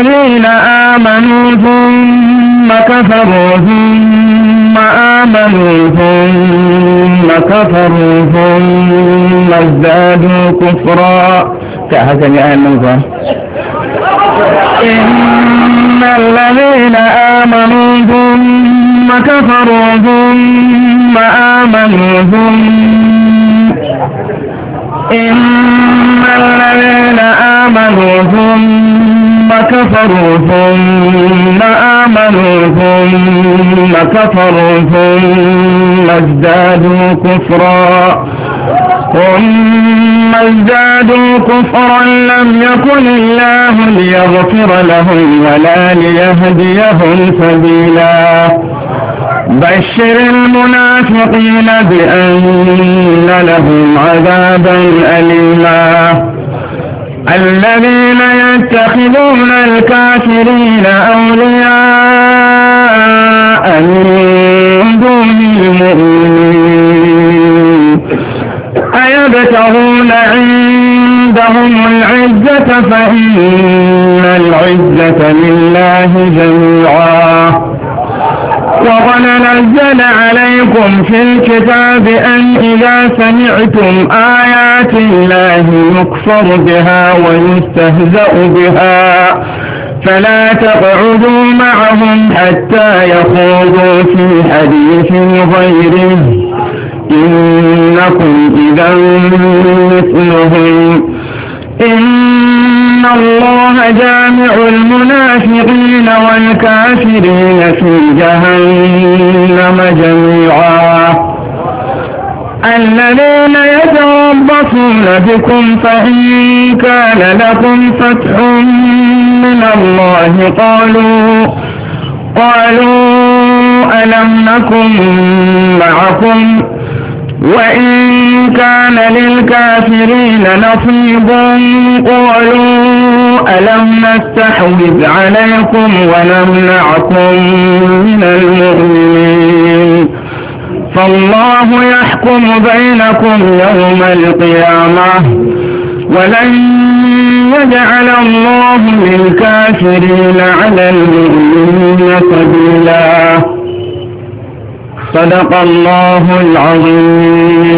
الذين آمنوا ثم كفروا ثم آمنوا ثم كفروا ثم ازدادوا كفرا كهذا لآل نظام إن الذين آمنوا ثم كفروا ثم آمنوا ثم إن كفروا ثم آمنوا ثم كفروا ثم ازدادوا كفرا ثم ازدادوا كفرا لم يكن الله ليغفر لهم ولا ليهديهم سبيلا بشر المنافقين بأن لهم عذابا أليما الذين يتخذون الكافرين أولياء من دون المؤمنين أيبتغون عندهم العزة فإن العزة لله جميعا وقد نزل عليكم في الكتاب أن إذا سمعتم آيات الله يكفر بها ويستهزأ بها فلا تقعدوا معهم حتى يخوضوا في حديث غيره إنكم إذا مثلهم إن إن الله جامع المنافقين والكافرين في جهنم جميعا الذين يتربصون بكم فإن كان لكم فتح من الله قالوا قالوا ألم نكن معكم وإن كان للكافرين نصيب قالوا ألم نستحوذ عليكم ونمنعكم من المؤمنين فالله يحكم بينكم يوم القيامة ولن يجعل الله للكافرين على المؤمنين سبيلا صدق الله العظيم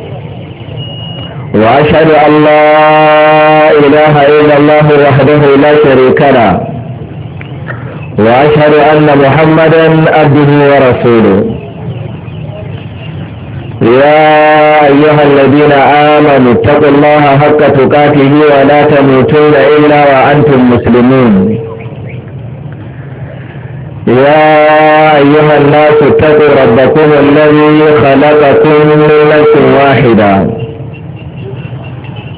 وأشهد أن لا إله إلا الله وحده لا شريك له وأشهد أن محمدا عبده ورسوله يا أيها الذين آمنوا اتقوا الله حق تقاته ولا تموتون إلا وأنتم مسلمون يا أيها الناس اتقوا ربكم الذي خلقكم من نفس واحده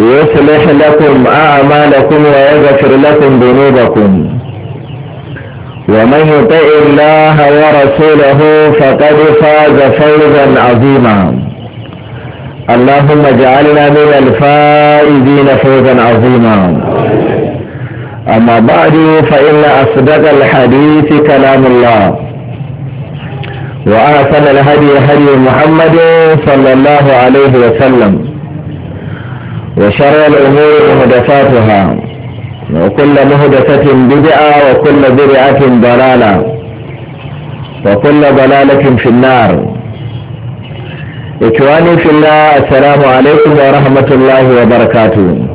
يصلح لكم أعمالكم ويغفر لكم ذنوبكم ومن يطع الله ورسوله فقد فاز فوزا عظيما اللهم اجعلنا من الفائزين فوزا عظيما أما بعد فإن أصدق الحديث كلام الله وأعطنا الهدي هدي محمد صلى الله عليه وسلم وشر الأمور مهدفاتها وكل مهدفة بدعة وكل بدعة ضلالة وكل ضلالة في النار إخواني في الله السلام عليكم ورحمة الله وبركاته